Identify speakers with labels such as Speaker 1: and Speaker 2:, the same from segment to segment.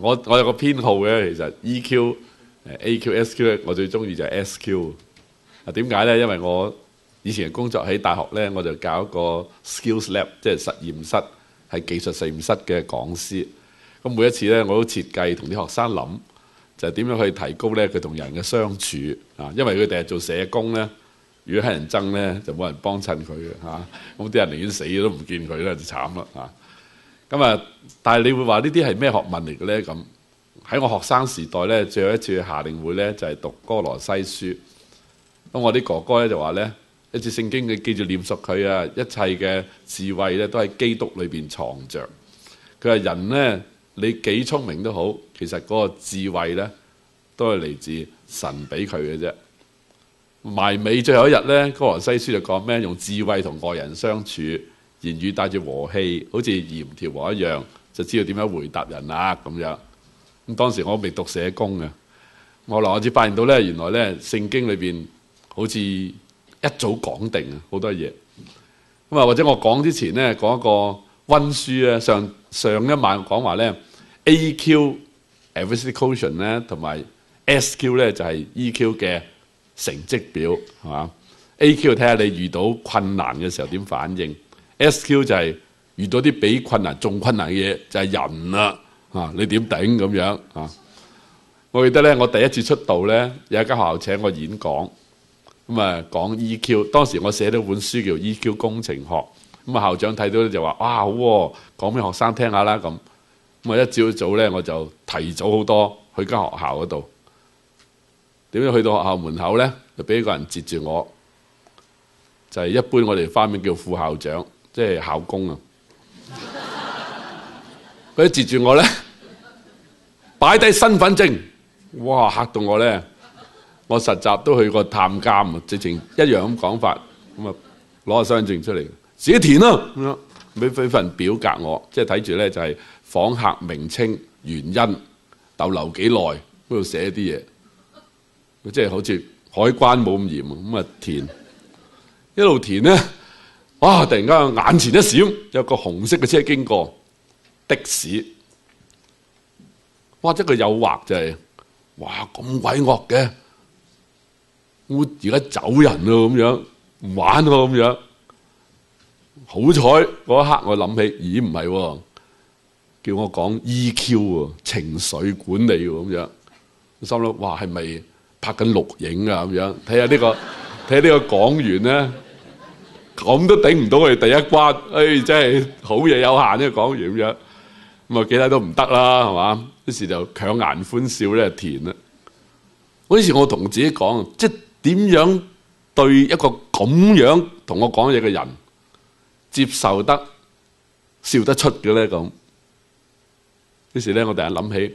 Speaker 1: 我我有個偏好嘅，其實 EQ、誒 AQ、SQ 咧，我最中意就係 SQ。啊，點解呢？因為我以前工作喺大學呢，我就搞一個 skills lab，即係實驗室，係技術實驗室嘅講師。咁每一次呢，我都設計同啲學生諗，就係點樣去提高呢佢同人嘅相處啊。因為佢第日做社工呢，如果係人憎呢，就冇人幫襯佢嘅嚇。咁啲人寧願死都唔見佢咧，就慘啦嚇。咁啊！但係你會話呢啲係咩學問嚟嘅呢？咁喺我學生時代呢，最後一次去夏令會呢，就係讀《哥羅西書》。咁我啲哥哥呢，就話呢，一節聖經嘅記住念熟佢啊！一切嘅智慧呢，都喺基督裏邊藏着。佢話人呢，你幾聰明都好，其實嗰個智慧呢，都係嚟自神俾佢嘅啫。埋尾最後一日呢，《哥羅西書》就講咩？用智慧同外人相處。言語帶住和氣，好似鹽調和一樣，就知道點樣回答人啦、啊、咁樣。咁當時我未讀社工啊，後來我嗱我先發現到咧，原來咧聖經裏邊好似一早講定啊好多嘢。咁啊，或者我講之前咧講一個温書啊，上上一晚講話咧 A Q evaluation 咧同埋 S Q 咧就係、是、E Q 嘅成績表係嘛？A Q 睇下你遇到困難嘅時候點反應。S.Q. 就係、是、遇到啲比困難仲困難嘅嘢，就係、是、人啦、啊、嚇、啊，你點頂咁樣嚇、啊？我記得咧，我第一次出道咧，有一間學校請我演講，咁、嗯、啊講 E.Q. 當時我寫咗本書叫《E.Q. 工程學》嗯，咁啊校長睇到咧就話：哇，好、啊，講俾學生聽下啦咁。咁啊、嗯、一朝早咧我就提早好多去間學校嗰度。點知去到學校門口咧就俾一個人截住我，就係、是、一般我哋花名叫副校長。.即係考公啊他着！佢截住我咧，擺低身份證，哇，嚇到我咧！我實習都去過探監啊，直情一樣咁講法咁啊，攞個身份證出嚟，自己填咯，咁俾份表格我，即係睇住咧就係、是、訪客名稱、原因、逗留幾耐，嗰度寫啲嘢，即係好似海關冇咁嚴啊，咁啊填，一路填咧。哇、啊！突然間眼前一閃，有個紅色嘅車經過，的士。哇！即係個誘惑就係、是，哇咁鬼惡嘅，我而家走人咯咁樣，唔玩咯咁樣。好彩嗰一刻我諗起，咦唔係、啊，叫我講 EQ 喎，情緒管理喎咁樣。心諗哇，係咪拍緊錄影啊咁樣？睇下呢個，睇下呢個講完咧。咁都頂唔到佢哋第一關，誒、哎、真係好嘢有限啫、啊！講完咁樣，咁啊其他都唔得啦，係嘛？於是就強顏歡笑咧，就填啦。嗰時我同自己講，即係點樣對一個咁樣同我講嘢嘅人接受得笑得出嘅呢？咁於是咧，我突然諗起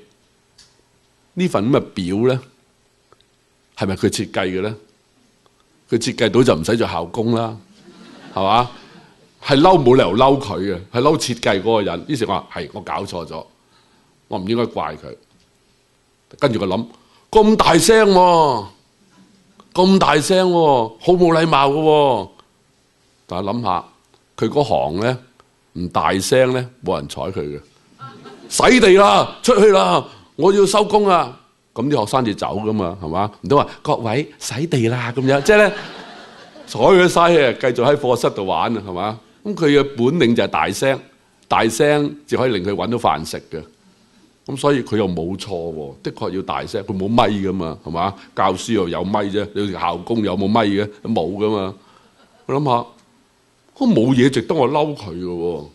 Speaker 1: 呢份咁嘅表呢，係咪佢設計嘅呢？佢設計到就唔使做校工啦。係嘛？係嬲，冇理由嬲佢嘅，係嬲設計嗰個人。於是我話係我搞錯咗，我唔應該怪佢。跟住佢諗，咁大聲喎、啊，咁大聲喎、啊，好冇禮貌嘅喎、啊。但係諗下佢嗰行咧，唔大聲咧，冇人睬佢嘅。洗地啦，出去啦，我要收工啦！咁啲學生就走噶嘛，係嘛？唔通話各位洗地啦咁樣，即係咧。 睬佢嘥氣啊！繼續喺課室度玩啊，係嘛？咁佢嘅本領就係大聲，大聲就可以令佢揾到飯食嘅。咁所以佢又冇錯喎、啊，的確要大聲。佢冇咪噶嘛，係嘛？教書又有咪啫，你校工有冇咪嘅？冇噶嘛。我諗下，都冇嘢值得我嬲佢嘅喎。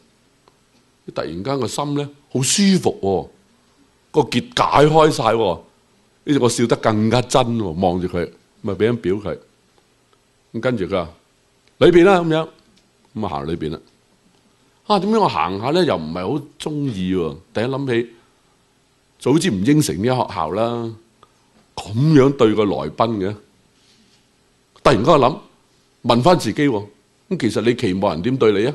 Speaker 1: 突然間個心咧，好舒服喎、啊。個結解開晒喎、啊。呢個笑得更加真喎，望住佢，咪俾人表佢。跟住佢話，裏邊啦咁樣，咁啊行裏邊啦。啊，點樣，我行下咧，又唔係好中意喎。突然諗起，早知唔應承呢個學校啦。咁樣對個來賓嘅。突然間我諗，問翻自己，咁、啊、其實你期望人點對你啊？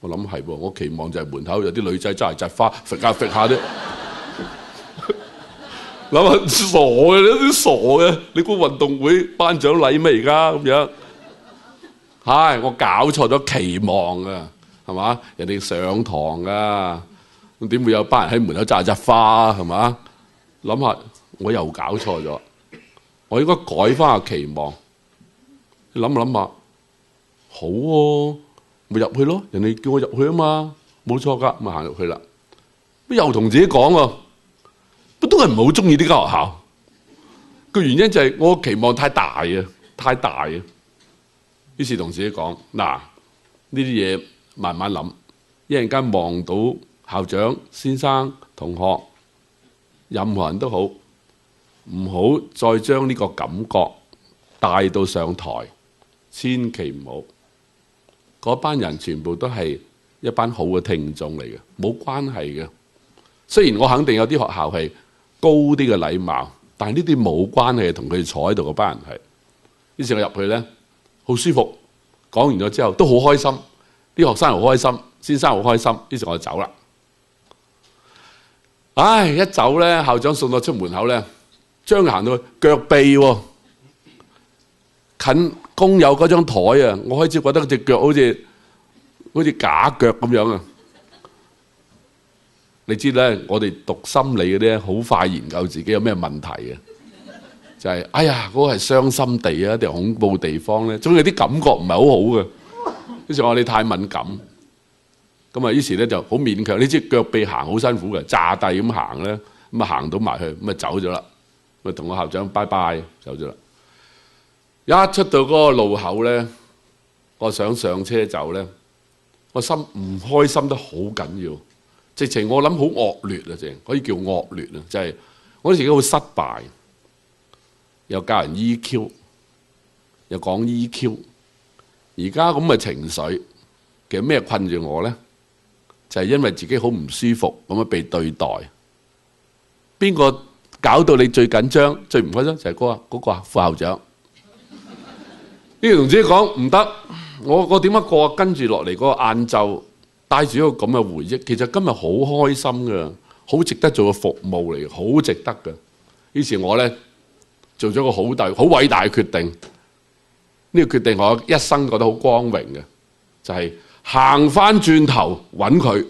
Speaker 1: 我諗係喎，我期望就係門口有啲女仔揸嚟紮花，揈下揈下啫。 諗下傻嘅，你都傻嘅。你估運動會頒獎禮咩而家咁樣？唉，我搞錯咗期望啊，係嘛？人哋上堂噶，點會有班人喺門口紮紮花係嘛？諗下我又搞錯咗，我應該改翻下期望。你諗下，諗下，好喎，啊，咪入去咯。人哋叫我入去啊嘛，冇錯噶，咪行入去啦。又同自己講喎。都不都係唔好鍾意呢間學校？個原因就係我期望太大啊，太大啊！於是同自己講：嗱，呢啲嘢慢慢諗。一陣間望到校長先生同學任何人都好，唔好再將呢個感覺帶到上台，千祈唔好。嗰班人全部都係一班好嘅聽眾嚟嘅，冇關係嘅。雖然我肯定有啲學校係。高啲嘅禮貌，但呢啲冇關係，同佢坐喺度嗰班人係。於是我，我入去咧，好舒服。講完咗之後，都好開心。啲學生好開心，先生好開心。於是，我就走啦。唉，一走咧，校長送到出門口咧，將行到腳痹喎、啊，近工友嗰張台啊，我開始覺得隻腳好似好似假腳咁樣啊！你知咧，我哋讀心理嗰啲咧，好快研究自己有咩問題嘅，就係哎呀，嗰個係傷心地啊，定恐怖地方咧，總有啲感覺唔係好好嘅。於是話你太敏感，咁啊，於是咧就好勉強。你知腳痹行好辛苦嘅，炸地咁行咧，咁啊行到埋去，咁啊走咗啦，咪同個校長拜拜走咗啦。一出到嗰個路口咧，我想上車走咧，我心唔開心得好緊要。直情我諗好惡劣啊！正可以叫惡劣啊！就係我自己好失敗，又教人 EQ，又講 EQ。而家咁嘅情緒，其實咩困住我咧？就係因為自己好唔舒服，咁樣被對待。邊個搞到你最緊張、最唔開心？就係嗰個嗰個啊，副校長呢個同志講唔得，我我點樣過？跟住落嚟嗰個晏晝。帶住一個咁嘅回憶，其實今日好開心㗎，好值得做嘅服務嚟，好值得㗎。於是，我呢做咗個好大、好偉大嘅決定。呢個決定我一生覺得好光榮嘅，就係行返轉頭揾佢。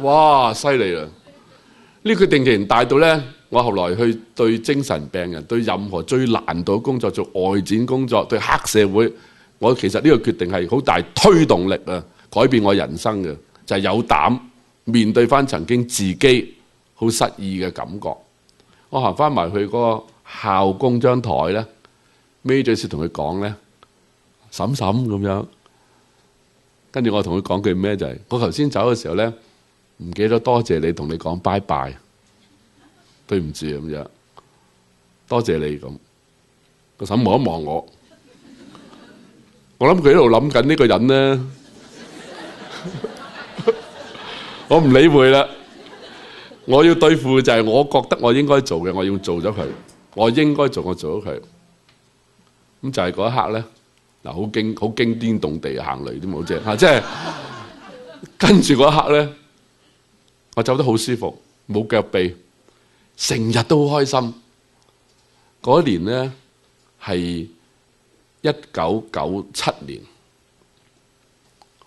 Speaker 1: 哇！犀利喇！呢個決定自然大到呢，我後來去對精神病人、對任何最難度嘅工作做外展工作，對黑社會，我其實呢個決定係好大推動力啊！改變我人生嘅就係有膽面對翻曾經自己好失意嘅感覺。我行翻埋去嗰個校工張台咧，孭住雪同佢講咧，嬸嬸咁樣。跟住我同佢講句咩就係，我頭先走嘅時候咧，唔記得多謝你同你講拜拜，對唔住咁樣，多謝你咁。個嬸望一望我，我諗佢喺度諗緊呢個人咧。 我唔理會啦，我要對付就係我覺得我應該做嘅，我要做咗佢，我應該做我做咗佢，咁就係嗰一刻咧，嗱，好驚好驚，天動地行雷都冇啫吓，即、啊、係、就是、 跟住嗰一刻咧，我走得好舒服，冇腳痹，成日都好開心。嗰一年咧係一九九七年。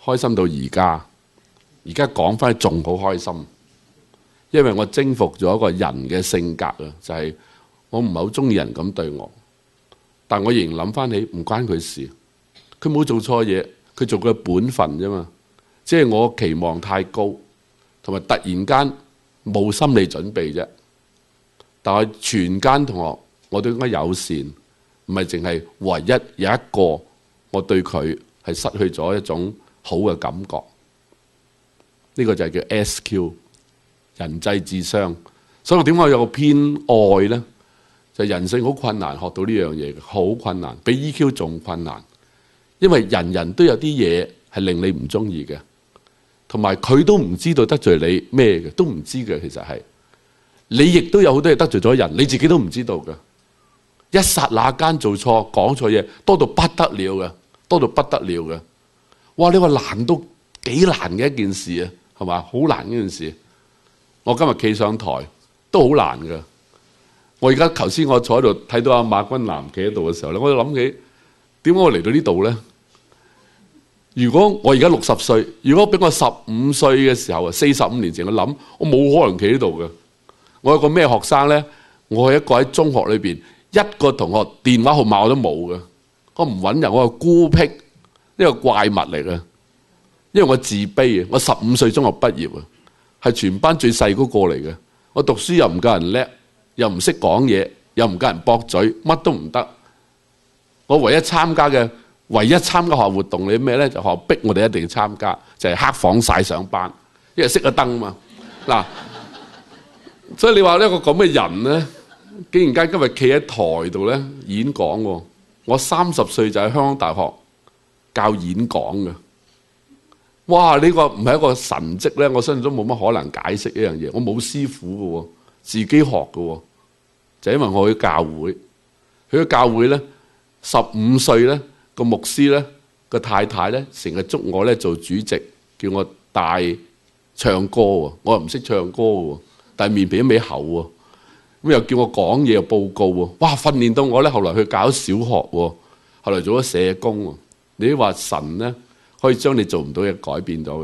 Speaker 1: 開心到而家，而家講翻，仲好開心，因為我征服咗一個人嘅性格啊，就係我唔係好中意人咁對我，但我仍然諗翻起唔關佢事，佢冇做錯嘢，佢做佢本分啫嘛。即係我期望太高，同埋突然間冇心理準備啫。但係全間同學，我都應該友善，唔係淨係唯一有一個，我對佢係失去咗一種。好嘅感覺，呢個就係叫 SQ 人際智商。所以我點解有個偏愛呢？就人性好困難，學到呢樣嘢好困難，比 EQ 仲困難。因為人人都有啲嘢係令你唔中意嘅，同埋佢都唔知道得罪你咩嘅，都唔知嘅其實係你亦都有好多嘢得罪咗人，你自己都唔知道嘅。一剎那間做錯講錯嘢多到不得了嘅，多到不得了嘅。多到不得了。哇！呢個難都幾難嘅一件事啊，係嘛？好難呢件事。我今日企上台都好難嘅。我而家頭先我坐喺度睇到阿馬君南企喺度嘅時候咧，我就諗起點解我嚟到呢度咧？如果我而家六十歲，如果俾我十五歲嘅時候啊，四十五年前我諗，我冇可能企呢度嘅。我有個咩學生咧？我係一個喺中學裏邊一個同學電話號碼我都冇嘅。我唔揾人，我係孤僻。呢、這個怪物嚟嘅，因為我自卑啊。我十五歲中學畢業啊，係全班最細嗰個嚟嘅。我讀書又唔夠人叻，又唔識講嘢，又唔夠人駁嘴，乜都唔得。我唯一參加嘅唯一參加學校活動，你咩咧？就學逼我哋一定要參加，就係、是、黑房晒上班，因為熄咗燈啊嘛。嗱、 啊，所以你話呢一個咁嘅人咧，竟然間今日企喺台度咧演講喎。我三十歲就喺香港大學。教演講嘅，哇！呢、這個唔係一個神跡咧，我相信都冇乜可能解釋呢樣嘢。我冇師傅嘅喎，自己學嘅喎，就是、因為我去教會。去咗教會咧，十五歲咧，個牧師咧，個太太咧，成日捉我咧做主席，叫我帶唱歌喎。我又唔識唱歌喎，但係面皮都未厚喎，咁又叫我講嘢又報告喎。哇！訓練到我咧，後來去教小學喎，後來做咗社工喎。你話神呢，可以將你做唔到嘢改變到。